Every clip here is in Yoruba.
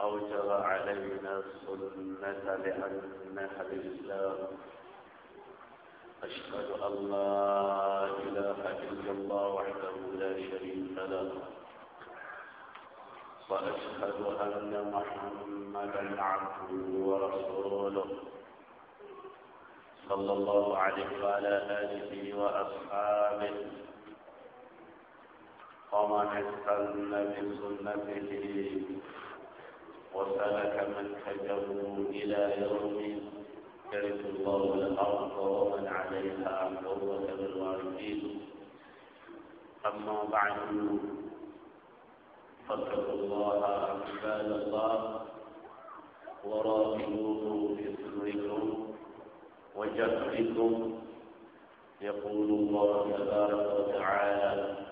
أو جرى علينا السنة لأنها الإسلام أشهد أن لا إله إلا الله وحده لا شريك له وأشهد أن محمدا عبده ورسوله صلى الله عليه وعلى آله وأصحابه ومن استنى بسنته وسلك منهجه إلى يوم يرث الله الأرض ومن عليها وهو بالوارثين أما بعد فاتقوا الله عباد الله وراقبوه في سركم وجهركم يقول الله تبارك وتعالى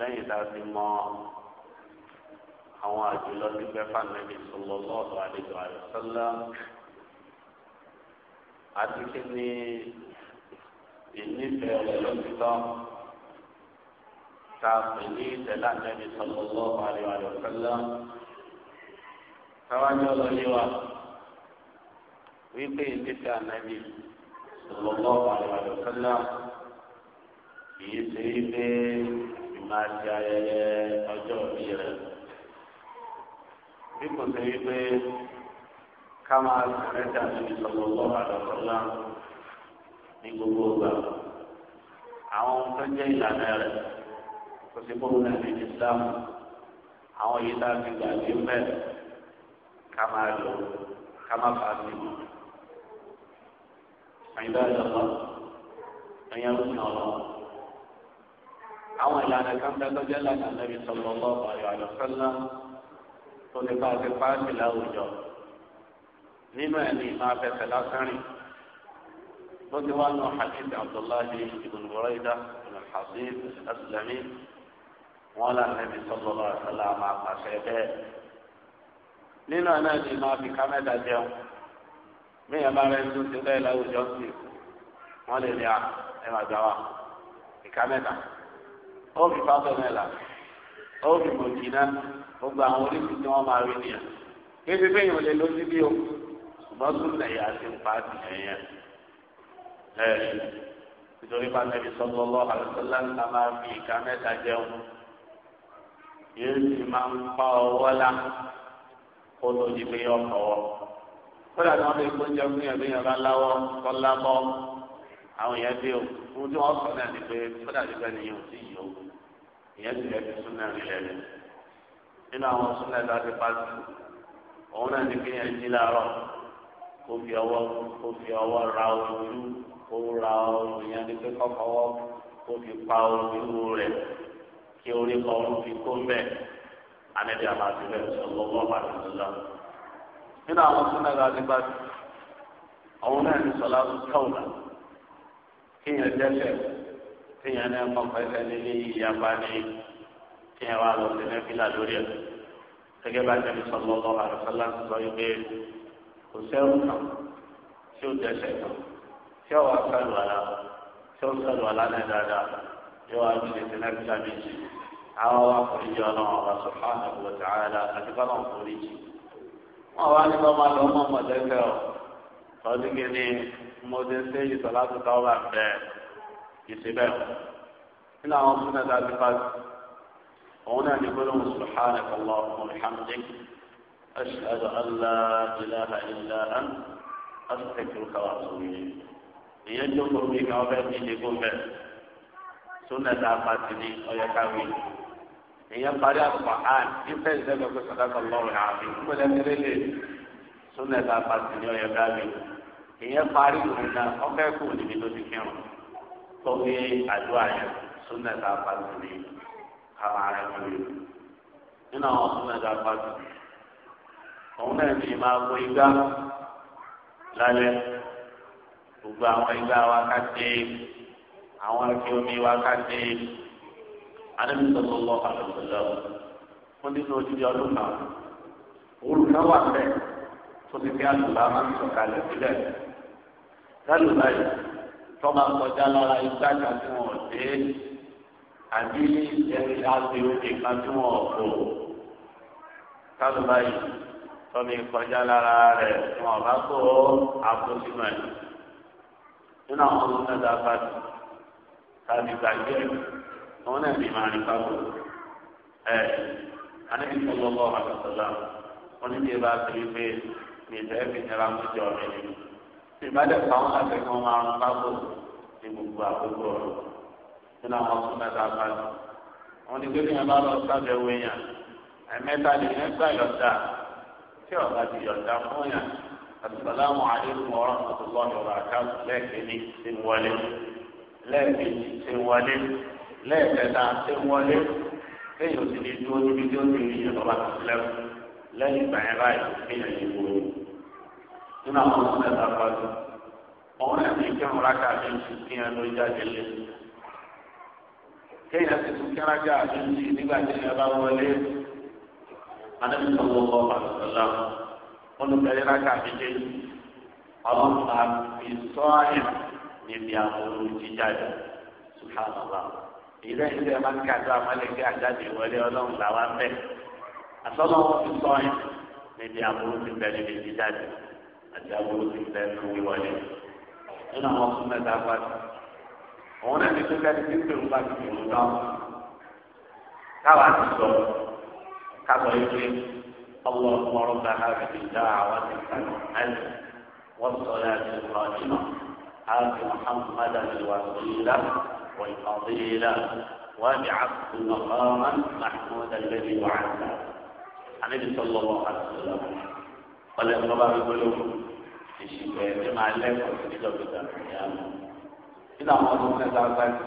lẹ́yìn tá a ti mọ àwọn àjùlọ nígbẹ́ fàmẹ́lì sallallahu alaihi wa sallam àti kí ni ìnífẹ̀ẹ́ rẹ̀ lọ́sítọ́ tá a pè ní ìtẹ̀lá nẹ́bí sallallahu alaihi wa sallam káwájọ́ lọ yé wa wípé ìnífẹ̀ẹ́ ànẹ́bí sallallahu alaihi wa kì í ṣe é máa ṣe ayẹyẹ ọjọ́ òbí rẹ̀. bí kò sí wípé ká máa sẹ̀rẹ̀dà níbi sọ̀rọ̀ àdọ̀tọ́lá ní gbogbo ọgbà. àwọn ohun tó jẹ́ ìlànà rẹ̀ kò sí kó lóun ẹ̀mí Islam àwọn yìí tá a ti gbà ní bẹ́ẹ̀ ká máa lò ká má fà á sí i. àyìnbá ìjọba ẹ̀yẹ́ ń sìn ọ̀rọ̀ àwọn ìlànà kan bẹ lọ́jọ́ lànà lẹ́bi sọ̀rọ̀ lọ́wọ́ ọ̀yọ́ àlọ́sọ́lá tó lè bá ti pàṣẹ láwùjọ nínú ẹ̀ ní máa fẹsẹ̀ lásán rìn bó ti wá lọ hadith abdullahi ibn buraida ibn al aslami wọn là lẹ́bi sọ̀rọ̀ lọ́wọ́ àlọ́sọ́lá máa pàṣẹ bẹ́ẹ̀ nínú ẹ̀ náà ní máa fi kámẹ́dà jẹun mí ẹ̀ bá rẹ̀ ń tún ti bẹ́ẹ̀ láwùjọ sí wọn lè ní à ẹ̀ máa gbà wá ìkámẹ́dà ó fi fáfẹ́ mẹ́la ó fi mọ̀jì náà gbogbo àwọn oríṣi tí wọ́n máa rí nìyẹn kéde pé èèyàn lè lọ sí bí o ṣùgbọ́n súnlẹ̀ yà á ti ń pa á ti yẹn yẹn ẹ̀ nítorí bá nẹ́bi sọ́dọ̀ ọlọ́ àlùsọ́lá ńlá máa fi ìka mẹ́ta jẹun yóò sì máa ń pa ọwọ́ lá kó tó di pé yọ kọ̀wọ́ kódà tí wọ́n lè kó jẹun fún yẹn bí yẹn bá láwọ́ tọ́lá bọ́ àwọn yẹn dé o ohun tí wọ́n sọ náà ni pé kódà tí bẹ́ẹ̀ ni yóò ìyẹn ti lè fi súnà rí lẹ́nu nínú àwọn súnà tó a ti pa sí òun náà ní kéèyàn jí láàárọ̀ kó fi ọwọ́ kó fi ọwọ́ ra ojú kó ra ojú yẹn ní pé kọ́kọ́wọ́ kó fi pa ojú rẹ̀ kí orí kan ló fi kó mbẹ́ anẹ́bí àbájú rẹ̀ sọ̀rọ̀ lọ́wọ́ àdúgbò lọ. nínú àwọn súnà tó a ti òun náà ní sọlá tó kẹ́wọ̀n kéèyàn jẹ́ sẹ́yìn téèyàn náà kọ́ pẹ́sẹ́ nílé ìyapa ní téèyàn wà lọ sí nẹ́fìlà lórí ẹ̀. gẹ́gẹ́ bá tẹ̀lé sọ́lọ́ lọ́wọ́ àlùfáà sọ pé kò sẹ́wọ̀n kan tí ó dẹ́sẹ̀ kan tí ó wà sálù àlá tí ó sálù àlá náà dáadáa yóò wá lọ sí nẹ́fìlà méjì. àwọn wa kò ní jẹ́ ọlọ́run ọba sọ̀fáàlà wọ̀ tààlà àti fọlọ́n kò ní jì. wọ́n wá ní bọ́mọ lọ́mọ mọ̀lẹ́fẹ́ ọ̀ tọ́jú في سباق إلى عاصمة قد هنا نقول سبحانك اللهم وبحمدك أشهد أن لا إله إلا أنت أستغفرك وأتوب إليك يجب بك وبك يقول بك سنة فاتني أو يكاوي هي قرية القرآن إن تجدك صدق الله العظيم ولم يرد سنة فاتني أو يكاوي هي قرية القرآن أو يكون بدون كلمة tó gbé àdúrà yẹn súnmẹ tá a pàtó ní kàmá rẹ lórí nínú àwọn súnmẹ tá a pàtó òun náà ní máa kó igbá lálẹ́ gbogbo àwọn igbá wa ká dé àwọn ẹkẹ omi wa ká dé alẹ́mísọ̀tò lọ́wọ́ àlùfẹ́lẹ́ fún nínú ojúde ọdún kan olùkọ́ wà bẹ́ẹ̀ tó ti fi àlùbá máa ń sọ̀kalẹ̀ sílẹ̀ lálùbá tọ́ba kọjá lára igbá kan tí wọ́n dé àbí ẹni àti oúnjẹ kan tí wọ́n kò kálù báyìí tọ́mi kọjá lára rẹ̀ tí wọ́n bá kó àkóṣímọ̀ ẹ̀ nínú àwọn ọmọ mẹ́ta bá tàbí gbàgbé wọn náà ní màá ní pápó ẹ anábì sọlọ́lọ́ àgbàsọ́lá wọn ní bí ẹ bá ti rí pé mi ìfẹ́ fi nira mú jọ mi nínú ìbálẹ̀ fáwọn akẹ́kọ̀ọ́ máa ń bábò ní gbogbo àkókò ọ̀rọ̀ nínú àwọn tó mẹ́ta bá lọ. àwọn ní gbẹ́gbẹ́ yẹn bá lọ sábẹ́ wo yẹn ẹ̀mẹ́ta lè yẹn gbà yọ̀dà tí ọ̀gá ti yọ̀dà fún yẹn àtìsàlámù àdéhùn ọ̀rọ̀ àtúntò ọ̀rọ̀ àkáàtù lẹ́ẹ̀kẹ́ni ti ń wọlé lẹ́ẹ̀kejì ti ń wọlé lẹ́ẹ̀kẹta ti ń wọlé lẹ́yìn òsì ní dúró níbi tí ó ti rí ìjọba tó lẹ́kùn lẹ́yìn ìgbà yẹn báyìí nínú àwọn ọmọ mẹ́ta fàájú ọ̀hún ẹ̀ ní kẹ́hùn rákà ní oṣù kíyàn ló jáde lé kéèyàn ti tún kẹ́hùn rákà ní oṣù nígbà tí ẹ bá wọlé adébísọ̀wọ́ bọ́ àlùfẹ́lá olùbẹ̀rẹ̀ rákà méjèèjì ọ̀hún àbísọ́ọ̀yà níbi àwọn olùjíjáde sùhánàlá ìrẹ́ ìlú ẹ̀ máa ń kájọ àmọ́lẹ́gbẹ́ àjáde wọlé ọlọ́run làwọn bẹ́ẹ̀ àtọ́lọ́wọ́ fi sọ́ọ̀yà níbi àwọn olùjíjáde àti aburú ti fẹ́ fún wíwọlé nínú àwọn fún mẹ́ta pàtó òun náà ti tó kẹ́ni tí ń pè ń bá ti fi òun dáhùn káwa ti sọ kábọ̀ ìwé ọlọ́mọ ọlọ́mọ àbẹ̀bí dá àwọn ti kàn án wọ́n sọ láti ọ̀rọ̀ ìmọ̀ àti muhammad alwasila wàlfàdìlà وابعثه مقاما محمودا الذي وعدته عن النبي صلى الله عليه وسلم ọlẹ́ ní ọba gbogbo èsì pẹ̀ ẹ̀ máa lẹ́kọ̀ọ́ sí ìjọba ìdàgbà ìyá mi. nínú àwọn ọdún mẹ́ta báyìí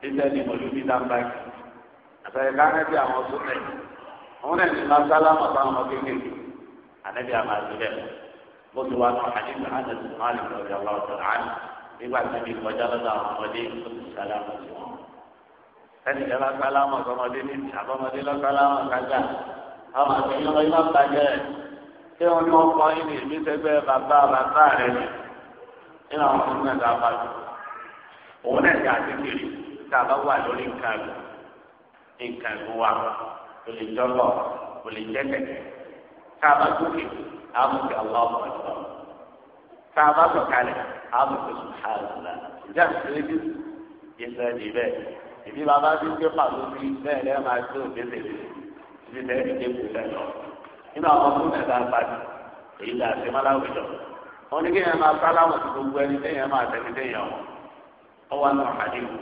títẹ̀ ní mọ̀lúbí dáńbáyìí àtàyè káńkẹ́ bí àwọn ọdún mẹ́ta wọn náà ní máa sálámà sáwọn ọmọ kékeré ànábì àmà àdúrà bó ti wà náà àdìgbà àti sùmáàlì lọ́jọ́ àwọn ọ̀dọ́ àná nígbà tí mi kọjá lọ́dọ̀ àwọn ọmọdé tó ti sálámà sí wọn. ẹnì kan lọ́sálámà sọmọdé ní àbọ̀mọdé lọ́sálámà kájà àwọn àti ìyọ́nà ìmọ̀ ṣé wọn ní wọn kọ yín ní èmi sẹgbẹ bàbá bàbá rẹ ni nínú àwọn ọmọ náà dáa báyìí òun náà ti àtẹkẹrẹ tá a bá wà lórí nǹkan ẹgbẹ nǹkan ẹgbẹ wa kò lè jọlọ kò lè jẹlẹ tá a bá gòkè àmùkè aláwọ ọjọ tá a bá sọ̀kalẹ̀ àmùkè sùhàlùlà ìjà ìṣẹ̀lẹ̀ ìṣẹ̀lẹ̀ ìbẹ ìdí bàbá ti ń gbé pàtó sí bẹ́ẹ̀ lẹ́ẹ̀ máa tó òbí tèmi ìdí bẹ́ẹ̀ ti dé kù lẹ́nu. nínú àwọn ọdún mẹ́ta pàdé èyí là ṣe máa láwùjọ wọn ní kéèyàn máa gbogbo ẹni téèyàn máa tẹ̀lé téèyàn wọn wọn wà nù àdéhùn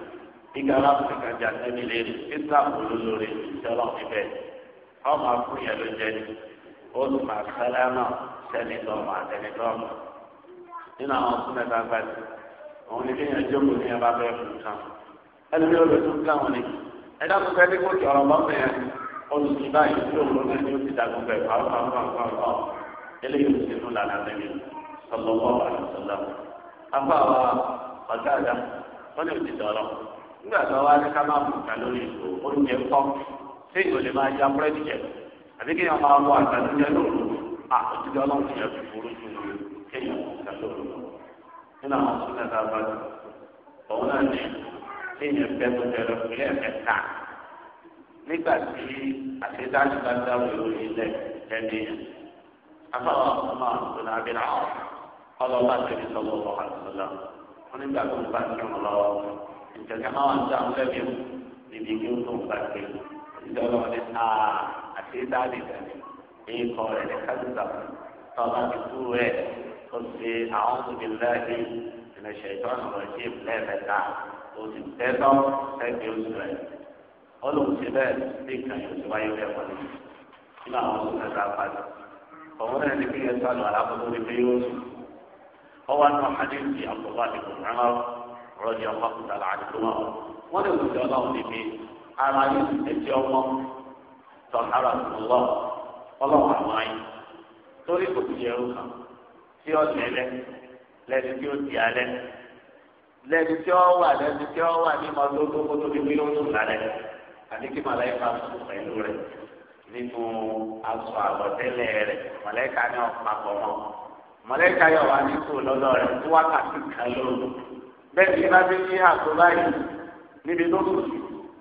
nígbà aláàbò kan jà sẹ́mi léèrè títà olólórí ìjọba ìbẹ̀ wọn máa fún yẹn ló jẹ ó lù máa sálámà sẹ́ni lọ́mọ àtẹni lọ́mọ nínú àwọn ní kéèyàn jókòó ní ẹbá bẹ́ẹ̀ fún ẹni ni olùsí báyìí tí òun lọ́dún ní o ti dàgbò bẹ̀ pàápàá eléyìí ti nù lànà níbi sọlọ́wọ́ àlùsọ̀lá. afọ àwa ọ̀gá àdá wọ́n lè ti dọ̀rọ̀ nígbà tó wá ká máa mú ìgbà lórí ìlú oúnjẹ ńkọ́ ìlú lè máa ya búrẹ́dì jẹ àbí nígbà tí àṣetáṣe bá dáwọ ìròyìn ilẹ̀ ẹni afáwọn ọmọ àtúntò náà bí náà ọlọ́ba tẹ̀lé sọ́wọ́ ọmọ àtúntò wọn nígbà tó ń bá ti rìn lọ́wọ́ ìjọba máa ń dá àwọn lẹ́bí mu níbi kí ó tó ń bá ti ìjọba wọn ní ta àṣetáṣe tẹ̀lé èyí kọ́ rẹ̀ ní kájúta tọ́ba ti kú rẹ̀ ó ṣe àwọn tóbi lẹ́yìn ìrìnàṣẹ́ ìtọ́nà rẹ̀ ọlọ́run ṣe bẹ́ẹ̀ ní ìkànnì òṣèwáyé bẹ́ẹ̀ wọlé nínú àwọn oṣù kẹta padà ọ̀hún náà ní kí ẹ sálọ alábòtó ní pé yóò sùn ọwọ́ àná àdéhùn àkọ́kọ́ àdéhùn rárá rọ́ọ̀dì ọmọ kùtà láàdúgbò wọn lè wùdí ọlọ́run ní pé ara yóò sì tẹ̀sí ọmọ tọ̀hárà lọ́ ọlọ́run àwọn ayé torí kò sí ẹrú kan tí ó lẹ́lẹ́ lẹ́ni tí ó di alẹ́ lẹ́ni tí ó wà lẹ́ni tí ó wà ní mọ́tò tó kótó ní pé lálẹ́ àti kí màláìka sùn pẹ̀lú rẹ̀ nínú aṣọ àlọ́tẹ́lẹ̀ rẹ̀ màláìka ní ọ̀pàpọ̀ mọ́ màláìka yọ̀ wá ní kú lọ́dọ̀ rẹ̀ tí wákàtí kan lóru bẹ́ẹ̀ ni bá fi ní àgbo báyìí níbi tó sùn sí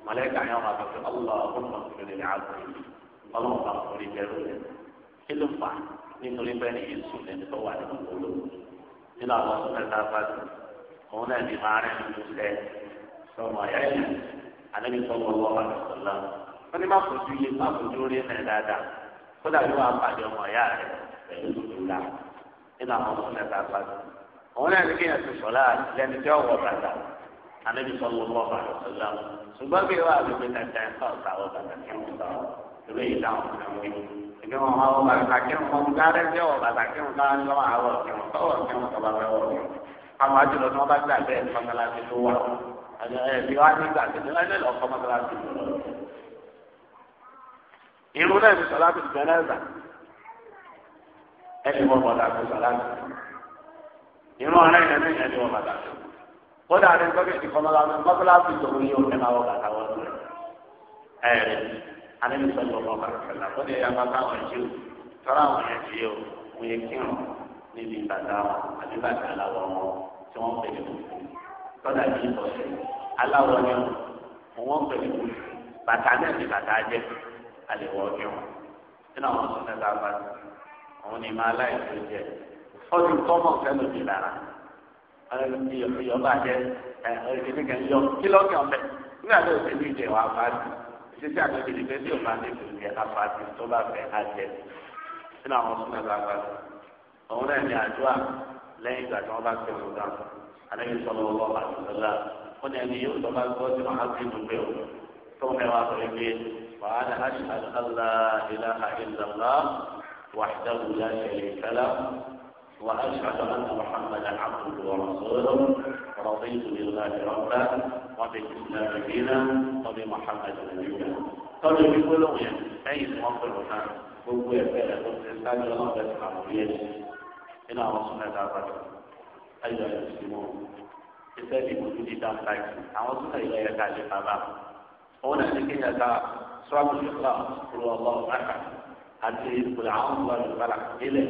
màláìka yọ̀ wá sọ̀tún ọlọ́ọ̀kùnrin ọ̀kùnrin àgbọ̀n ọlọ́ọ̀kùnrin ọ̀kùnrin jẹ́rú rẹ̀ kí ló fà nítorí bẹ́ẹ̀ ni yéṣu lẹ́ni tó wà nínú olówó nínú àwọn ọ̀sán mẹ́ta bá ti òun náà ní máa rìn lóṣẹ̀ sọmọ ayáyé ànábi sọ wọn lọ́wọ́ àdùsọ̀lá wọn ní má fojú yé má fojú rí ẹ̀ dáadáa kódà bí wọn apàdé ọmọ ìyá rẹ pẹ̀lú ìlà nínú àwọn ọmọ ìlà tá a bá dùn. òun náà ní kí ẹ̀sìn sọ̀lá lẹ́ni tí ọ̀wọ́ bàtà ànábi sọ wọn lọ́wọ́ àdùsọ̀lá ṣùgbọ́n bí wọn àgbègbè tàǹtà ẹ̀fọ́ ọ̀tàwọ̀ bàtà kí wọ́n sọ ìwé ìdáhùn ìgbẹ́ wọn máa wọ bàtà kí wọn kọ́ dáadé tí wọn bàtà kí wọn káwọn lọ́wọ́ àwọ̀ kí wọn kọ́ wọ̀ kí wọn kọ́ bàtà wọ̀ kí wọn. àwọn àjùlọ tí wọn bá gbà bẹ́ẹ̀ ní mọ́tàlá ti tó wà ẹ̀mí wa ní ìgbà tẹ̀lé ẹ̀ lẹ́nu ọkọ̀ mọ́tàlásì. irun náà ní sọláàtì jánásà ẹni wọ́n mọ̀ dàgbé sọláàtì. irun ọ̀rẹ́ yẹn ní ẹni wọ́n mọ̀ dàgbé. kódà ní sọ́kẹ́tì mọ́tàlásì tó ń yí ọ̀rẹ́ máa wọ bàtà wọn lọ. ẹ̀rẹ̀ alẹ́mi sọ́kẹ́ ọmọ kàkàlà ó ní ẹ̀yà bàtà wọn jí o tọ́lá wọn yẹn jí o wọ́n yẹ kírun níbi bàtà wọn àti bàtà tọ́lá ní ìtọ̀sẹ̀ aláwọ̀ ni wọ́n pẹ̀lú bàtà náà ní bàtà jẹ́ àlèwọ̀ ni wọ́n nínú àwọn sọ̀tẹ́ tá a bá ti àwọn ni máa láì tó jẹ ọdún tọ́mọ̀ sẹ́nu mi lára ọdún tí ìyọba jẹ ẹ ọdún tí kẹ́ ń yọ kí lọ́kẹ́ ọ̀bẹ nígbà tó ṣe ní ìjẹ wà fà á ti ṣe tí àgbẹ̀ ti di pé ní ìlú yẹ afa ti tó bá fẹ́ á jẹ nínú àwọn sọ̀tẹ́ tá bá ti òun náà ní àdúrà lẹ́yìn ìgbà tí wọ́n bá ti ọ̀dọ́ النبي صلى الله عليه وسلم قلنا أن يؤتى ما قلت محاكم البيض ثم يواصلين وأنا أشهد أن لا إله إلا الله وحده لا شريك له وأشهد أن محمدا عبده ورسوله رضيت بالله ربا وبالإسلام دينا وبمحمد نبيا قالوا يقولون أي موقف هذا gbogbo ẹgbẹ́ rẹ̀ tó ti sáájú ọlọ́run bẹ̀rẹ̀ àwọn ọmọ yẹn ní àwọn súnmẹ́ta àpàtà. ayọ̀ ìṣúná iṣẹ́ bí mojú dídá káàkiri àwọn tó náà yẹ ká lè bàbá òun náà ní kéèyàn ká sọ́ọ́bù ṣùgbọ́n kúrò ọlọ́run àkà àti ìpòlẹ̀ àwọn ọmọ ìbára délẹ̀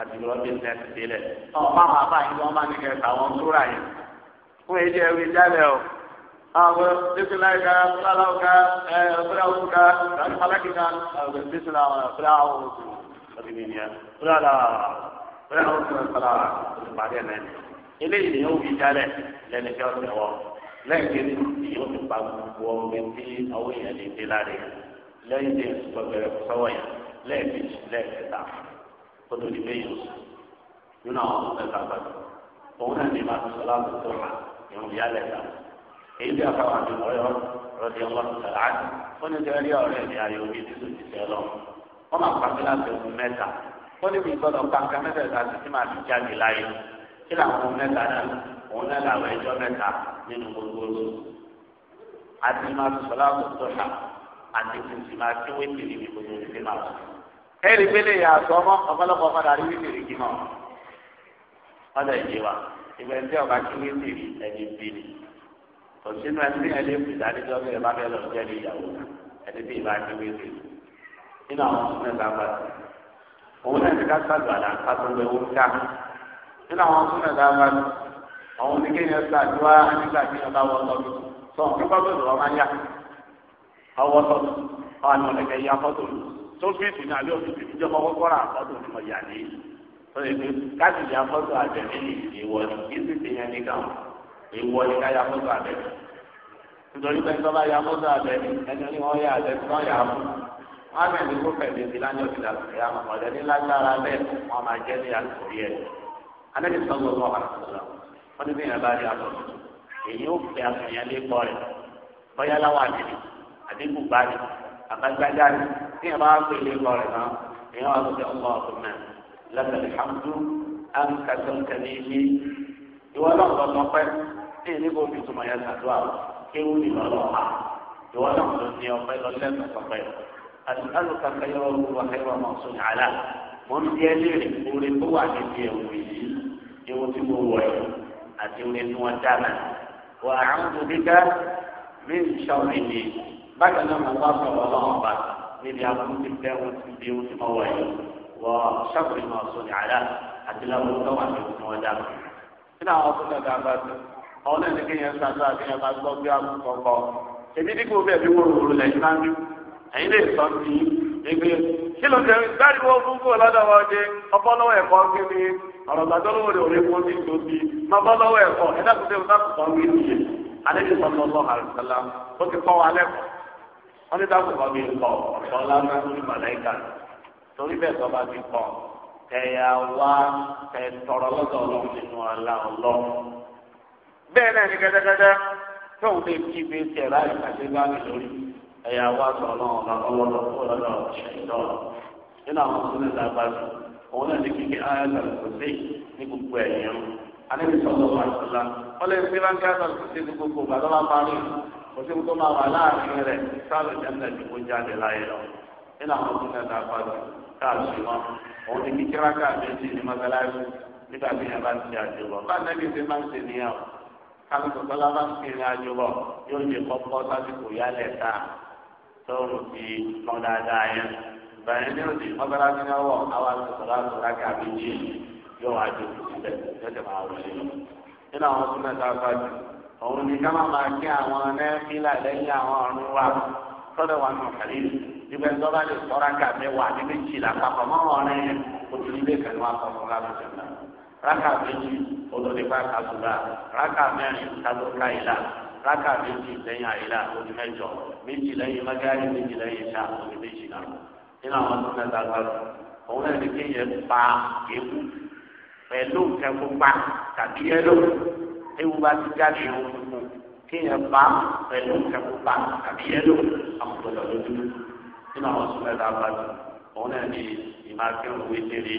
àti ìrọ̀ bí ẹ̀ délẹ̀. ọ̀ máa máa bá yín wọ́n máa ní kẹta àwọn tóra yẹn fún èdè ẹ̀rí jálẹ̀ o. àwọn bísíláìka fúláwùká ẹ̀ fúláwùká alákìíká bísílá fúláwùká fúláwùká fúláwùká fúláwùká eléyìí ni yóò fi jálẹ̀ lẹ́ni tí ó ti wọ̀ lẹ́yìn tí yóò ti pa gbogbo ọmọ tí àwọn èèyàn lè dé lára yẹn lẹ́yìn tí yóò sọ bẹ̀rẹ̀ sọ́wọ́ yẹn lẹ́ẹ̀kejì lẹ́ẹ̀kẹta kó tó di pé yóò sùn nínú àwọn ọmọ ẹ̀ka pàtó òun náà ní máa sọ láti tó hà ìhùn yálẹ̀ ta èyí tí a fà wà ní ọ̀rẹ́ rọ̀dí ọlọ́run sọ̀rọ̀ àti ó ní tẹ́lẹ̀ ọ̀rẹ́ mi ayò mi ti sùn ti sẹ́ lọ wọ́n máa pàṣẹ láti ọdún mẹ́ta ó ní mi gbọ́dọ̀ kí làwọn ọmọ mẹ́ta náà òun náà làwọn ẹjọ́ mẹ́ta nínú gbogbo oṣù àti máa tó sọlá tó tó sà àti kìsì máa kí wọ́n ti rí gbogbo oṣù tí máa sọ. ẹ̀rí pélé yàtọ̀ ọmọ ọ̀pọ̀lọpọ̀ padà rí wípé rí kímọ̀ ọ̀dọ̀ ìdí wa ìgbẹ́ tí ọba kí wọ́n ti rí ẹni bí ni kò sínú ẹni ẹni ìdájọ́ bẹ́ẹ̀ bá bẹ́ẹ̀ lọ jẹ́ ìyàwó ẹni bí ìbá kí wọ́n ti nínú àwọn ọmọ mẹ́ta pàtó òun náà ti ká sàgbà nínú àwọn súnà dáadáa ni àwọn oníkéyàn ṣàdúrà nígbà tí ọba wọ tọ́lú sọ nípa tó lọ́wọ́ máa yá ọwọ́ tọ́lú ọ̀nà ọ̀lẹ́kẹ̀ yá fọ́tò lù tó fíìsì ní àbí òfìsì ìjọba kọ́kọ́ rà fọ́tò ní mọ̀ yà ní káàdì yá fọ́tò àbẹ̀mí ni ìwọ ni kí sì ti yẹn nìkan ìwọ ni ká yá fọ́tò àbẹ̀mí nítorí pé tọ́ba yá fọ́tò àbẹ̀mí ẹni wọ́n yá àbẹ̀mí wọ́n anábì sọ̀rọ̀ ọmọ wa sọ̀rọ̀ wọ́n ní bí yàrá bá rí aṣọ tuntun èyí ó fẹ́ aṣọ yẹn lé pọ̀ rẹ̀ bóyá láwọn àdìrí àdínkù bá rí àbájáde rí bí yàrá bá rí lé pọ̀ rẹ̀ náà èyí wọ́n á sọ pé ọmọ ọ̀tún náà lọ́sọ̀rọ̀ ìhàmdù àǹkàtúntàní ilé ìwọ náà lọ sọ pé ní ìníkò fi tùmọ̀ yẹn sàdúrà kéwù ní lọ́lọ́ ha ìwọ náà lọ ní ọpẹ́ lọ lẹ́sọ̀ sọ pé alùpàá kẹyọ ewu tí mo wọ̀ yìí àti ewu tí wọ́n dáná wà àwọn òbíkà mí ń sọ̀rọ̀ ìdí bákan náà mo bá sọ̀rọ̀ ọlọ́run bá níbi àwọn tí bẹ́ẹ̀ wọ́n ti bí ewu tí mo wọ̀ yìí wọ sọ́kùnrin náà sọ̀rọ̀ àdá àti láwọn tó wà ní ewu tí wọ́n dáná. nínú àwọn tó dàgbà bá tó ọ̀hún náà ní kéèyàn ṣàdúrà kéèyàn bá gbọ́ bí àwọn kọ̀ọ̀kọ̀ èmi dípò bẹ́ẹ̀ bí wọ́n rò lẹ́yìn náà ẹ̀yin lè sọ sí i ìgbé kí ló tẹ̀wé gbáàdì wọn fún kó lọ́dọ̀ wọn ṣe ọpọlọwọ ẹ̀kọ́ kéde ọ̀rọ̀ gbàdọ́ lówó rẹ̀ òní fún títí òbí mọ́pọlọwọ ẹ̀kọ́ ẹ̀dá tó tẹ̀wé sáà kọ̀ wí nìyẹn alẹ́bí sọ̀tọ̀ lọ àrùsálà ó ti kọ́ wa lẹ́kọ̀ọ́ wọ́n ti dákùn kọ́ mi kọ́ ọ̀pọ̀ lánàá lórí màláìkà torí bẹ́ẹ̀ sọ́ba ti kọ́ ẹ̀yà wá ẹ̀ tọ̀rọ̀ lọ́dọ̀ ọlọ́run nínú àlá ọlọ́run bẹ́ẹ̀ náà ní kẹ́tẹ́kẹ́tẹ́ ẹ̀yà wá sọ náà bá ọlọ́dọ̀ kó lọ́dọ̀ ṣẹ̀dọ̀ nínú àwọn súnmọ́ ìta bá sùn òun náà ní kíkẹ́ ayáta lùsí ní gbogbo ẹ̀yìn rún alẹ́bí sọ̀tọ̀ wá sọ̀lá wọ́n lè fi láńkà ayáta lùsí ní gbogbo ìgbà tó bá parí kò sí tó máa wà láàrin rẹ̀ sáré jẹ́ńdà tí kò jáde láyé lọ nínú àwọn súnmọ́ ìta bá sùn káàsì wọn òun ní kíkẹ́ rákà méjì ní mọ́sálásí nígbà tí yẹn bá ti di àjọbọ bá nẹ́bí ti máa ń ṣe níyàwó kálukú tọ́lá bá ń ṣe ní àjọbọ yóò ṣe kọ́kọ́ sásìkò yálẹ̀ táà tóun ti mọ dáadáa yẹn bẹ́ẹ̀ ni ó ti mọ́tàlá ní ọwọ́ àwọn àtúntàlá tó rákà méjì yóò wá ju síbẹ̀ lọ́sẹ̀ máa wọlé nínú àwọn súnmọ́ ẹ̀ta fájú òun ni ká má máa kí àwọn nẹ́fílà lẹ́yìn àwọn ọ̀run wa tọ́lẹ̀ wà nù kàlí ibẹ̀ tó bá lè sọ́ra kà mẹ́wàá ní méjìlá papọ̀ mọ́ ọ̀rẹ́ yẹn o ti ní bẹ́ẹ̀ sọ fún wa lọ́sẹ̀ rákà méjì olórí bá kàdúrà rákà mẹ́rin kàdúrà ìlà rákà méjì lẹ́yìn àyílá omi mẹ́jọ méjì lẹ́yìn mẹ́gáàrí méjì lẹ́yìn ìṣá omi méjìlá nínú àwọn tó mẹ́ta gbàgbọ́ òun náà ní kéèyàn pa ewu pẹ̀lú nǹkan pupa tàbí yẹ́lò ewu bá ti jáde ohun tuntun kéèyàn pa pẹ̀lú nǹkan pupa tàbí yẹ́lò àwọn tó lọ lójú nínú àwọn tó mẹ́ta gbàgbọ́ òun náà ní ìmákẹ́rù wíjẹ́rẹ́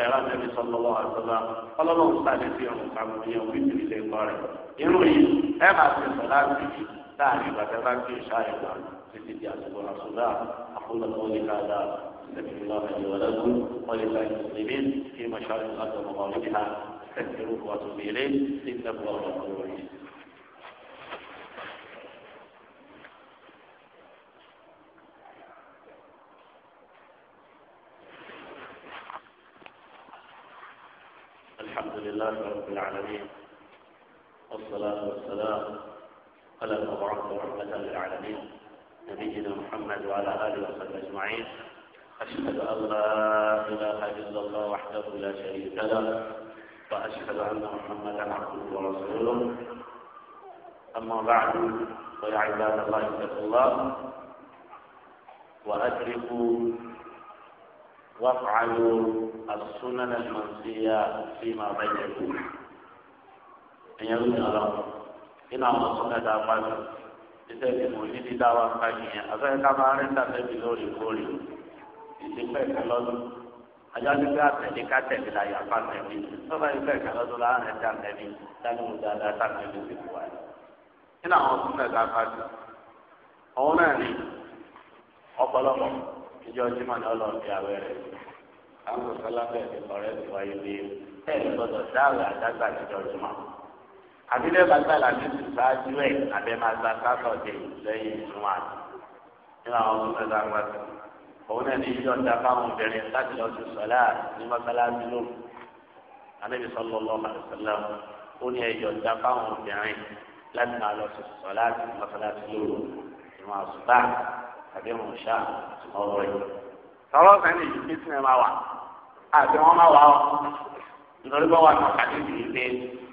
ẹ̀rọ àtẹ̀bí sọlọ́wọ́ àtọ́lá ọlọ́run sáré sí ọ̀run kàmú ní ọ̀run ìtìrì ilé ẹ̀kọ́ rẹ̀ irú yìí ẹ máa ti sọ láti yìí láàrin ìgbàgbẹ́ bá kí ìṣá ìgbà títí di àsìkò àṣùlá àkúlọ̀kọ́ ní káàdà سبحان الله لي ولكم ولسائر المسلمين في مشارق الأرض ومغاربها استغفروه وأتوب إليه إنه هو الغفور الرحيم لله رب العالمين والصلاة والسلام على المبعوث رحمة للعالمين نبينا محمد وعلى آله وصحبه أجمعين أشهد أن لا إله إلا الله وحده لا شريك له وأشهد أن محمدا عبده ورسوله أما بعد فيا عباد الله اتقوا الله وأدركوا وافعلوا السنن المنسية فيما بينكم أن يقول الله إن الله سنة أفعل إذا الموجود دعوة فاجئة أفعل كما أرنت أفعل لوري كوري إذا فعل الله أجل بها تلك تلك لا يفعل تلك فما يفعل الله لا أنت تلك تلك لا تلك إن الله سنة أفعل هنا أفعل ìjọ jimá ni ọlọ́run ti àwẹ̀ rẹ̀ àwọn sọlábẹ̀ ti kọ̀rẹ́ ti wáyé lé ẹ̀ẹ́dì gbọ́dọ̀ dáhùn àdágbà ìjọ jimá àbílẹ̀ bàtà làbí ti sáájú ẹ̀ àbẹ́ máa gba sátọ̀dẹ̀ lẹ́yìn ìjùmọ̀ àti nínú àwọn ọmọ ẹ̀dá àgbà tó òun náà ní ìjọ ń da fáwọn obìnrin láti lọ sí sọlá ní mọ́sálásí lóru anábì sọlọ lọ́wọ́ àlùsọ́lá ó ní ẹ̀jọ̀ ń da fáwọn àbí ọmọ ṣá ọmọ rẹ tọrọ sẹni yìí kí sinmi máa wà àti wọn máa wà ọ nítorí bá wà ní ọkàdé yìí pé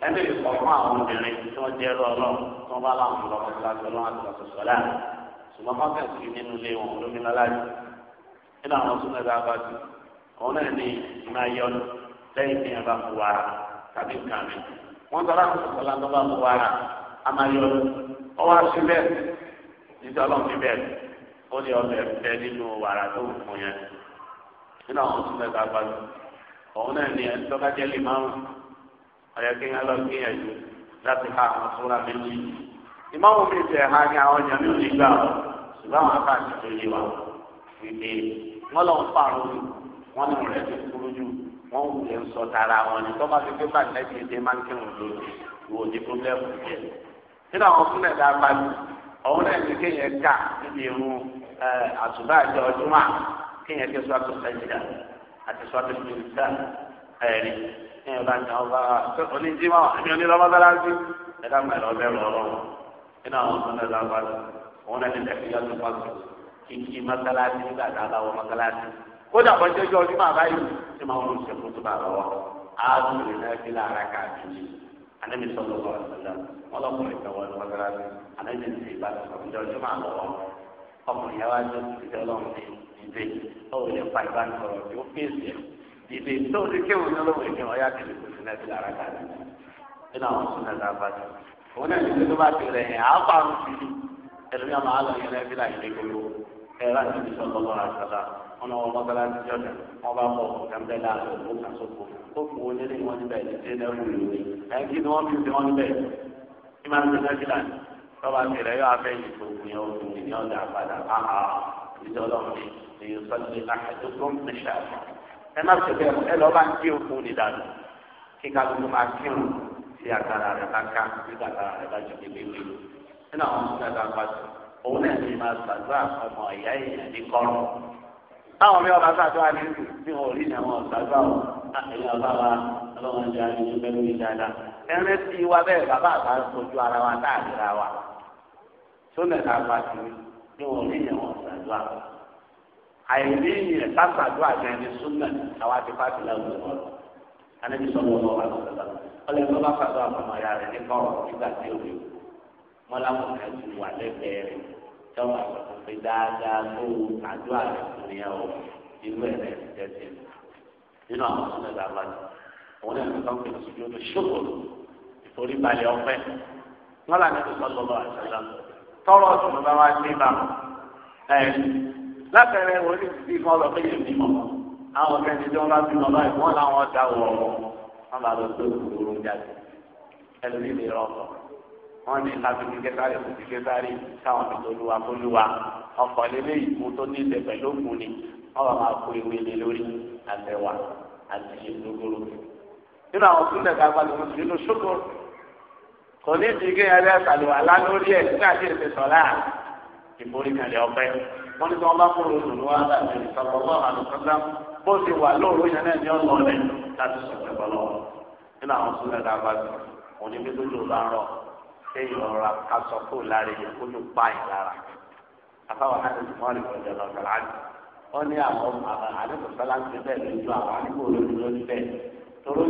ẹni lè kọ fún àwọn obìnrin tí wọn jẹ ẹrọ Ọlọ́run tí wọn bá láwọn lọ fún ìlànà Ọlọ́run àti ọsọ sọlá ṣùgbọ́n mọkàn sí nínú ilé wọn lómi lọlá yìí nínú àwọn súnmọ́ ẹgbẹ́ abájú òun náà ní ìmọ̀ ayọnu lẹ́yìn tí yẹn bá bu ara tàbí nǹkan mi wọn tọrọ àti sọlá tó bá bu ara amáyọnu ọwọ́ àṣìbẹ ìjọlọ mi bẹ́ẹ̀ ó lè ọbẹ̀ fẹ́ nínú wàrà tó ń fún yẹn nínú àwọn tó mẹ́ta gbàgbọ́ òun náà ni ẹni tó bá jẹ́ lè márùn ọ̀yẹ́ kí wọ́n lọ gbìyànjú láti ká àwọn sóra méjì ìmáwó mi tẹ̀ ha ní àwọn ọjà mi ò ní gbà ọ́ ṣùgbọ́n àwọn aká àti tó yé wa wípé wọ́n lọ ń pààrọ̀ jù wọ́n ní rẹ̀ ti kúrú jù wọ́n wù lè sọ tara wọn ni tó bá fi pé bá lẹ́sìn èdè máa ń kírun lóde ìwò ní pọ́blẹ́mù jẹ́ nínú àwọn fúnlẹ̀ dá gbàgbọ́ òun náà ní kéèyàn ká níbi irun àtúbà àti ọdúnmá kéèyàn ké sọ àtúntò sẹjìdá àti sọ àtúntò sẹjìdá ẹrí kéèyàn bá ń tàn ọba onídìímọ ẹni onílọmọdáláńtì ẹ̀dá mẹ́rin ọbẹ rọrọ nínú àwọn ọmọ náà lọ́wọ́ àwọn náà ní tẹ̀síyá tó pa sọ kíkí mọ́sálásí nígbà tá a bá wọ mọ́sálásí kódà bọ́ jẹ́jọ́ ọdún máa báyìí tí máa wọ́n ṣe fún tó bá lọ́wọ́ áàbù rẹ̀ náà fi lára káàkiri anẹ́mi sọ́dọ̀ lọ́wọ́ ọmọ ìyá wa jọ ti di ọlọ́run ní ìdè ọ̀hún lè pa ìbánisọ̀rọ̀ tí ó fèsì ẹ̀ ìdè tó ti kéwòn ní ọlọ́run ìdè ọ̀yá kìlì kò sí nẹ́ẹ̀sì lára kan nínú àwọn sún nẹ́ẹ̀sì àbájá òun náà ní tó bá ti rẹ̀ ẹ̀ àáfà ń fi ẹlòmíà máa lọ yẹn lẹ́bí láì lé gbogbo ẹ̀rọ àti ìṣọ́ lọ́wọ́ àṣàlá wọn wọn mọ́tàlá ti jọ̀dá wọn bá bọ̀ kàmbẹ́ láàrin òkú kan sóko ó fún wọn nílé wọn níbẹ̀ ní tẹ́lẹ̀ wù lórí tọ́ba tẹ̀lé yóò afẹ́ yìí tó gbìn ọ́ tó gbìn ọ́ dà padà áhà ìjọ lọ́wọ́ ni èyí sọ́ni àkàtó tó ń pè ṣáà ẹ má ṣe bẹ́ẹ̀ ẹ lọ́ọ́ bá ń dí òkú ni dànù kí kálukú máa kírun sí àkàrà rẹ̀ bá ká sí àkàrà rẹ̀ bá jù kébéwé nínú àwọn ọmọ ẹ̀ka pàṣẹ òun náà ni máa ṣàdúrà ọmọ ìyá èèyàn ní kọ́rọ̀ táwọn mẹ́wàá bá ṣàdúrà ní bí wọn ò rí ní àwọn ṣàdúrà ọ̀ àtẹ̀yìn ọba wa jẹ́ àdéhùn pẹ̀lú ìdáadáa ẹ̀rẹ́ tí wa bẹ́ẹ̀ bàbá àbá sojú ara wa táàdìra wa sólè ká bá ti ní ní wọn ní ìyẹn wọn ṣàdúrà àìní ìyẹn ká ṣàdúrà gan ni sólè àwa ti fà ti lẹ́wọ̀n lọ́wọ́ anábì sọ̀rọ̀ lọ́wọ́ wa lọ́sọ̀rọ̀ ọlẹ́ tó bá ṣàdúrà fọmọ ya rẹ̀ nípa ọ̀rọ̀ nígbà tí ó lè wọn láwọn kan ti wà lẹ́gbẹ̀ẹ́ rẹ̀ tẹ́wọ̀n àgbàkùn pé dáadáa tó àdúrà rẹ̀ fún ni ẹ̀ irú ẹ̀ rẹ̀ tẹ̀sí nínú àwọn sólè làwọn àwọn ẹ̀ lọ́kàn pé ìṣòro ìforíbalẹ̀ ọ̀fẹ́ wọn làwọn ẹ̀ tó sọ lọ́wọ́ àṣàlá tọrọ ọsùn bá wá sí bá ẹ lápẹẹrẹ wọn ní ti fi ọlọ pé yẹn bímọ àwọn kẹntì tí wọn bá bímọ báyìí wọn làwọn da wọ wọn bá lọ sí òkúrò jáde ẹlòmí lè rọpò wọn ní kábíyèsí kẹsàrí òkúti kẹsàrí káwọn fi tolúwa tolúwa ọkọ lélẹ ìkú tó ní ìdẹ pẹ̀lú òkú ni wọn bá máa kó ewé lé lórí àtẹwà àti ìdógóró nínú àwọn sílẹ̀ kápá lè mú sí inú ṣókòrò kò ní ti gé ẹlẹ́ ṣàlùwà lálórí ẹ̀ nígbà tí èsì sọ̀rọ̀ à ìborí kalẹ̀ ọ̀fẹ́ wọ́n ní kí wọ́n bá kúrò lòlú wa láti ìsọ̀rọ̀ lọ́wọ́ àlùfọ́dá bó ti wà lóòrò yẹn náà ní ọ̀nà ọ̀lẹ̀ láti sọ̀rọ̀ ẹ̀bọ̀ lọ́wọ́ nínú àwọn súnlẹ̀ dábàá sí wọn ní bí lójú bá rọ̀ kéèyàn ọ̀rọ̀ aṣọ kó lára yẹn kó ló pa ẹ̀ lára àbáwọn láti mọ́ ọ̀rẹ́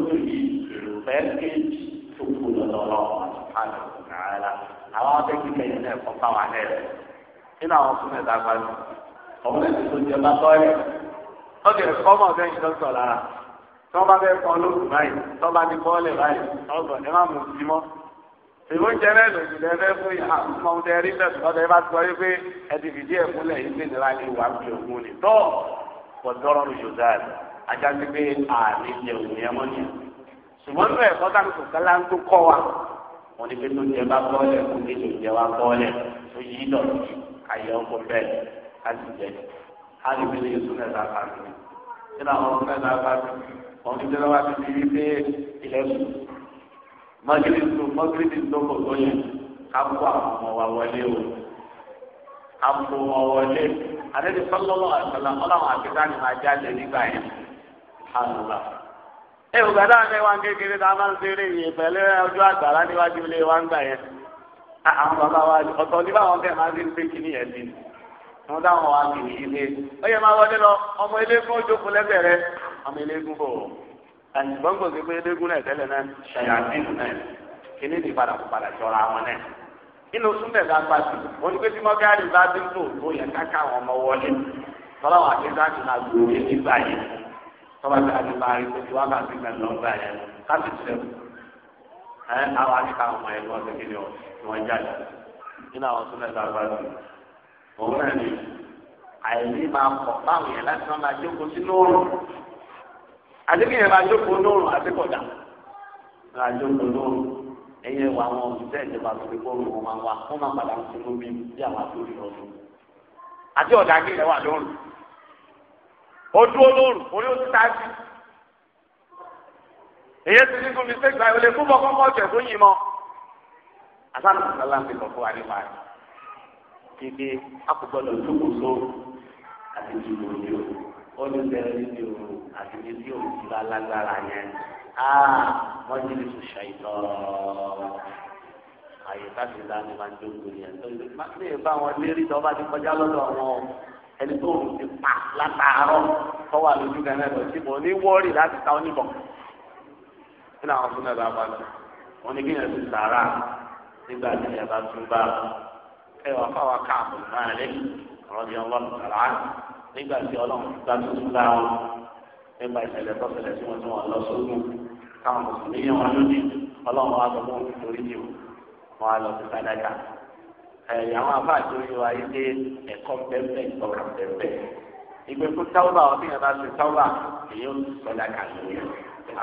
ìfọ̀jẹ̀ tó kú lọ́dọ̀ ọlọ́run àtúntàn ààrà àwọn akẹ́kọ̀ọ́ kẹ́yìn náà kọ́ fáwọn alẹ́ rẹ̀ nínú àwọn fún ẹ̀dá gbajú ọ̀pọ̀ ẹ̀sìn tó jẹ bá tọ́lẹ̀ ọ̀kẹ́ kọ́mọ̀ fẹ́yìn ń sọ̀ lára tí wọ́n bá fẹ́ kọ́ lóògùn báyìí tí wọ́n bá ní bọ́ọ̀lẹ̀ báyìí ọ̀gbọ̀n ẹ má mú sí mọ́ èmi ń jẹrẹ fún yà ṣùgbọ́n nínú ẹ̀kọ́ káàkiri kálá ń tó kọ́ wa wọn ni pé tó jẹ bá bọ́ọ̀lẹ̀ kó kí tó jẹ wá bọ́ọ̀lẹ̀ tó yí lọ àyẹ̀ ọkọ̀ bẹ́ẹ̀ á sì jẹ á lè fi lè sún ẹ̀dá káàkiri kí làwọn ọmọ ẹ̀dá káàkiri wọn ti tẹ́lẹ̀ wá ti fi rí pé ilẹ̀ sùn mọ́gírí tó mọ́gírí ti tó kò tó yẹn ká kó àwọn ọmọ wa wọlé o ká kó wọn wọlé àdéhùn sọ́lọ́lọ́ àtàlà ọlọ́run àti ẹ ò gbàdá mẹ́wàá kékeré tá a máa ń ṣeré yìí pẹ̀lú ọjọ́ àgbàrá níwájú ilé wa ń gbà yẹn àwọn bàbá wa ọ̀tọ̀ ní báwọn bẹ́ẹ̀ máa ń gbé kíní yẹn sí wọn dáhùn wa kì í ilé ó yẹ máa wọlé lọ ọmọ eléégún ojókòó lẹ́gbẹ̀ẹ́ rẹ ọmọ eléégún bò ó àyìnbọn kò sí pé eléégún náà tẹ́lẹ̀ náà ṣàyàtìkù náà kíní ti padà jọra wọn náà nínú tọ́ba tí a ti bá rí pé wá bá ti gbà lọ́gbà yẹn ká sì ẹ àwọn akíkà ọmọ yẹn wọ́n ti kéde wọ́n jáde nínú àwọn òun náà ni àìní máa pọ̀ báwọn yẹn láti máa jókòó sí lóòrùn àti kí yẹn máa jókòó lóòrùn àti kọjá máa jókòó lóòrùn ẹyẹ wà òṣìṣẹ́ ìjọba tó fi kóòrùn wọn máa wà wọ́n máa padà ń bí àwọn àti ojú olóòrùn orí ó ti ta sí. èyí ti ní kó mi sẹ́gbà ìwé lè fún bọ́ kọ́kọ́ ọ̀jẹ̀ tó yìí mọ́. asanu sọlá ń bẹ̀rẹ̀ fún àríwá rẹ̀ kéde akọgbọ́dọ̀ tó kù sóòrù àti ìdìbò yìí ó ní bẹ̀rẹ̀ níbi òru àti níbi òru ti bá lágbára yẹn. aa wọ́n ní ní sùsà ìtọ́ àyè káfíńdà ni máa ń dókòó yẹn tó lè má lè bá wọn lérí tó bá ti kọjá lọ́dọ̀ wọn ẹni tó ń ti pa látàárọ̀ kọ́ wà lójú kan náà lọ sí mọ̀ ní wọ́ọ̀rì láti ta oníbọ̀ nínú àwọn fúnà bá wà lọ wọn ni kíyàn ti sàárà nígbà tí ìyá bá tún bá ẹwà fáwọn káàpù náà lé ọ̀rọ̀ ni ọlọ́run sàrà nígbà tí ọlọ́run bá tún bá wọn nígbà ìṣẹ̀lẹ̀ tó ṣẹlẹ̀ wọn tí wọn lọ sóògùn káwọn mùsùlùmí yẹn wọn lójú ọlọ́run wa sọ fún òun torí jù wọn lọ sí sàdájà ẹ̀yìn àwọn afáàjọ yìí wá yìí dé ẹ̀kọ́ bẹ́ẹ̀ ọ̀rọ̀ bẹ́ẹ̀ ìgbé fún táwùbà ọtí yẹn bá ṣe táwùbà èyí ó sọdá kàlùwẹ̀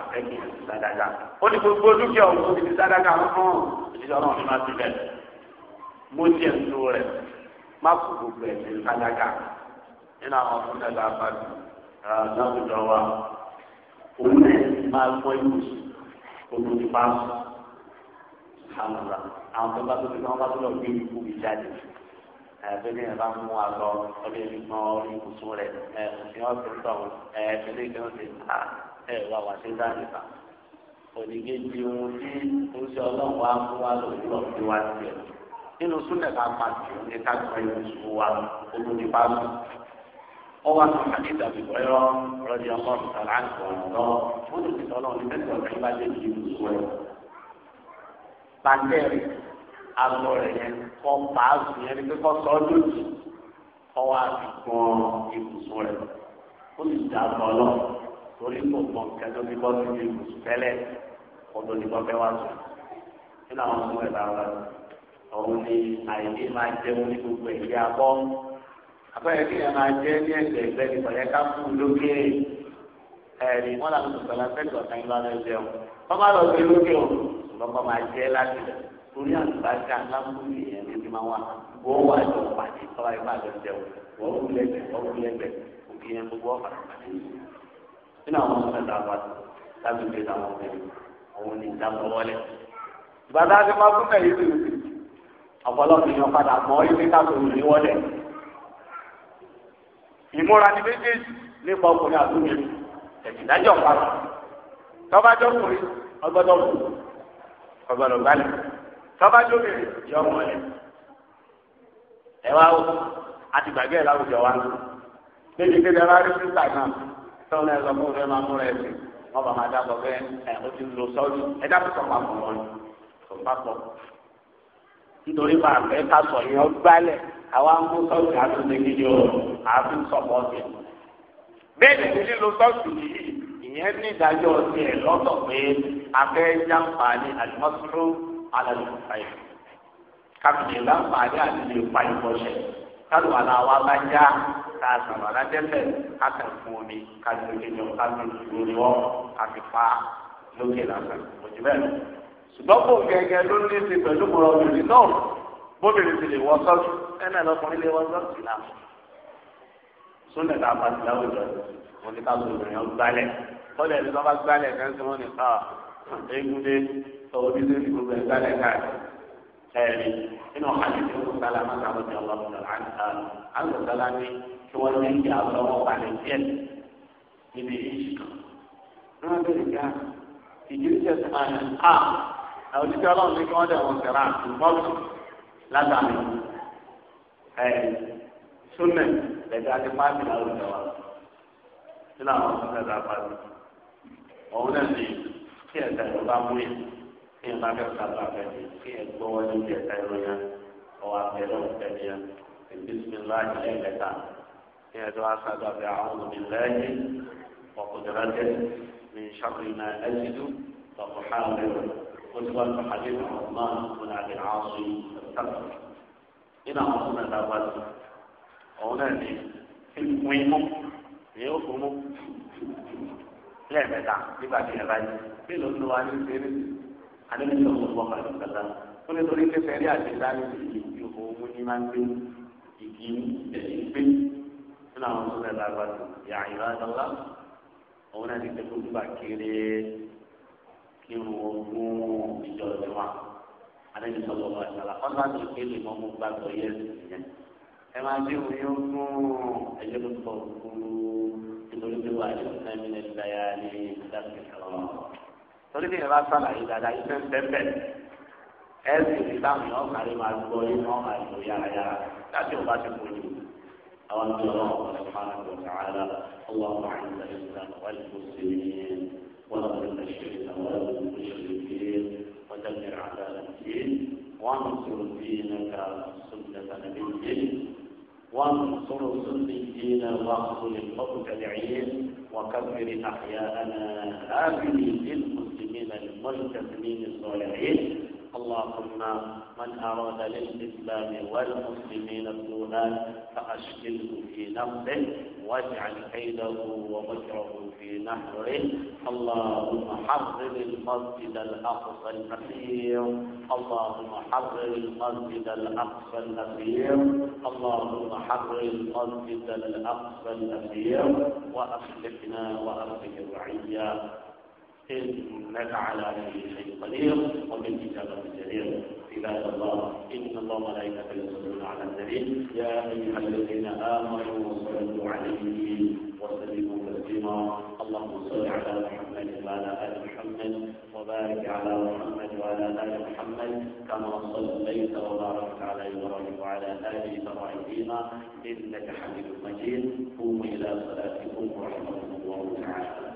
àfẹ́kì sádàgà ó ní gbogbo dúkìá òun ó ti fi sádàgà fún òṣìṣẹ́ ọlọ́run ní máa ti bẹ̀ mo tiẹ̀ ń lo rẹ̀ má kú gbogbo ẹ̀ ní sádàgà nínú àwọn ọkùnrin dàgbà àbájú láwùjọ wa òun náà máa gbọ́ ìwòsàn olùdípa sùn àmàlà àwọn tó bá tó ti wọn tó lọ gbé ikú mi jáde ẹbí ní ìbá mú wa ọdún ẹbí mọ orí ibùsùn rẹ ẹ òsì ọsẹ tọ ẹbí ní ìgbẹ́ òsì ta ẹ wà wá sí dáàbì ta onígéjì ohun tí oṣù ọlọ́run wa mú wa lọ sí lọ sí wa sí ẹ nínú súnlẹ̀ ká máa tì ní ká gbọ́ ìbùsùn wa olórí bá mú ọwọ́ àti àti ìdàbí bọ́yọ́ rọ́ọ̀dì ọmọ ọ̀sán láti ọ̀rọ̀ lọ́wọ́ pàtẹ́rì àgọ́ rẹ̀ yẹn kọ́ pàásù yẹn ni pé kọ́ sọ ọ́ lójì kọ́ wá gbọ́n ibùsùn rẹ̀ ó sì dà bọ́ lọ torí kò mọ kẹtọ́ ní bọ́ sí ibùsùn tẹ́lẹ̀ ọ̀dọ̀ ní bọ́ bẹ́ẹ̀ wá sùn nínú àwọn ọmọ ẹ̀ lára òun ni àìní máa jẹun ní gbogbo ẹ̀yẹ abọ́ abẹ́rẹ́ kí ẹ máa jẹ́ ní ẹ̀gbẹ́ ẹ̀gbẹ́ ní pẹ̀lẹ́ ká fún lókè ẹ̀rí wọn làwọn sọ̀tàn lásẹ̀kọ̀ọ́ kan ìlànà ẹ̀jẹ̀ wọn bá lọ́kọ́ máa jẹ́ láti torí àgbàkà lámúlù yẹn ní ti máa wà wọ́n wà jọ pàdé tọ́lá yìí máa lọ jẹun wọ́n kú lẹ́gbẹ̀ẹ́ wọ́n kú lẹ́gbẹ̀ẹ́ òkè yẹn gbogbo ọ̀fà pàdé yìí. nínú àwọn ọmọ ẹ̀dá wa tábí gbé táwọn ọmọdé òun ní ìdámọ́ wọlé. bàbá ti máa fún ẹ̀yìn tó ti ọ̀pọ̀lọpọ̀ èèyàn padà mọ́ ilé káàkiri ní wọlé. ìmúra ni méjèèjì nípa ọkùnrin àdúgbò ẹ̀sìn ọgbọ́dọ̀ gbalẹ̀ tọ́ba jókè yọ ọmọ yẹn ẹ wá wò àti gbàgbé ẹ̀ láwùjọ wa lébi pé bẹ́ẹ̀ bá rí sísà náà tọ́lá ẹ̀ lọ́mú rẹ̀ máa múra ẹ̀ sí wọ́n bá máa dábọ̀ bẹ́ẹ̀ ẹ̀ ó ti lò sọ́ọ́lù ẹ dábò sọ̀pá pọ̀ wọn kò bá pọ̀ nítorí bá a fẹ́ ká sọ yẹn gbalẹ̀ àwa ń mú sọ́ọ̀tì àtúndé gidi o àfi sọ̀pọ̀ ọ̀sẹ̀ bẹ́ẹ̀ ni lílo sọ́ọ̀tì yìí ìyẹn ní ìdájọ́ tiẹ̀ lọ́tọ̀ pé abẹ́ jàǹfààní àlùmọ́sọ́rọ́ alàlùfàì kábìyè láǹfààní àti lè fa ìbọ̀ṣẹ̀ kálù aláwa bá já ká sọ̀rọ̀ alájẹ́fẹ̀ ká kàn fún omi ká ju ìjọ ká ju ìjọ ni wọ́n ká fi fa lókè lásán òjì bẹ́ẹ̀ lọ. ṣùgbọ́n kò gẹ́gẹ́ ló ní ti pẹ̀lú mọ̀rọ̀ obìnrin náà bóbìnrin ti lè wọ ẹ̀nà lọkùnrin lè wọ sọ́ọ̀tù náà. sólẹ̀ náà bá láwùjọ òní ká lóbìnrin ọgbálẹ̀ kọ́lá ẹni tó bá gbálẹ̀ kan sí wọn ni ọ ah, egun dé ọwọ́ bí lórí gbogbo ẹ̀ gbálẹ̀ káàkiri ẹ̀rí nínú ọ̀hánì tí wọ́n sálá máa sábà ní ọlọ́run lọ́la àwọn sálá ní kí wọ́n ní kí àlọ́wọ́ balẹ̀ díẹ̀ níbi èyí kan. wọ́n á bẹ̀rẹ̀ ká ìjíríṣẹ́ tó máa ní ká àwọn oníṣẹ́ ọlọ́run ní kí wọ́n dẹ̀ wọ́n sẹ̀rà àtúbọ̀tù ẹ̀rí súnmẹ̀ lẹ́gbẹ̀ẹ́ àti pàṣẹ àwọn òun náà ni kí ẹ̀ka ẹ̀rọ bá mú yẹn kí ẹ̀ka fẹ́ sábà fẹ́ ni kí ẹ̀ gbọ́ wọlé kí ẹ̀ka ẹ̀rọ yẹn ọwọ́ abẹ́ náà fẹ́ ni yẹn bisimilahi lẹ́ẹ̀mẹ́ta kí ẹ̀dọ́ asábà fẹ́ àwọn olùmílẹ́yìn ọ̀kùnrin من شر ما أجد فأحاول قدوة حديث عثمان بن عبد العاص الثقفي إلى أصول الأول أولا في المهم يوفهم lẹ́ẹ̀mẹ́ta nígbà tí ẹ̀rọ ayé kí ló ń lo wa ní ìṣeré adébísọ̀ ló bọ́ pàdé kàtà ó ní torí pé fẹ́rí àti dání ìdí ìhò owó ní máa ń gbé ìdí ẹ̀yìn gbé nínú àwọn tó fẹ́ lágbàdo ìyá ìlú àdọ́lá òun náà ti tẹ́kọ̀ nígbà kéré kí n wo ìjọ ìjọba adébísọ̀ ló bọ́ pàdé kàtà ọ̀sán tó kéde mọ́ gbàgbọ́ yẹ́sì ẹ máa bí omi ó fún ẹyẹ tó pọ̀ fúru nítorí pé wàá yóò fẹ́ mi lẹ́nu dáyà ní ìdáàbò ìṣòro. torí bí ìrora sàlàyé dáadáa iṣẹ́ ń tẹ́tẹ́ ẹ sì rí báwọn èèyàn kárí máa gbọ́ yín wọ́n máa lò yárayára láti ọba ti kú jù. أو أن الله سبحانه وتعالى اللهم أعز الإسلام والمسلمين ورد الشرك والمشركين ودمر على الدين وانصر دينك سنة نبيك وانصر سنيين واغفر الحكم العين وكبر احياءنا امنين للمسلمين الملتزمين الصالحين اللهم من أراد للإسلام والمسلمين سوءا فأشكله في نفسه واجعل كيده ومكره في نحره اللهم حرر المسجد الأقصى الأخير اللهم حرر المسجد الأقصى الأخير اللهم حرر المسجد الأقصى الأخير وأصلحنا وأصلح الرعية إنك على كل شيء قدير وبالإجابة جليل عباد الله إن الله ملائكته يصلون على النبي يا أيها الذين آمنوا صلوا عليه وسلموا تسليما اللهم صل على محمد وعلى آل محمد وبارك على محمد وعلى آل محمد كما صليت وباركت على إبراهيم وعلى آل إبراهيم إنك حميد مجيد قوموا إلى صلاتكم ورحمة الله تعالى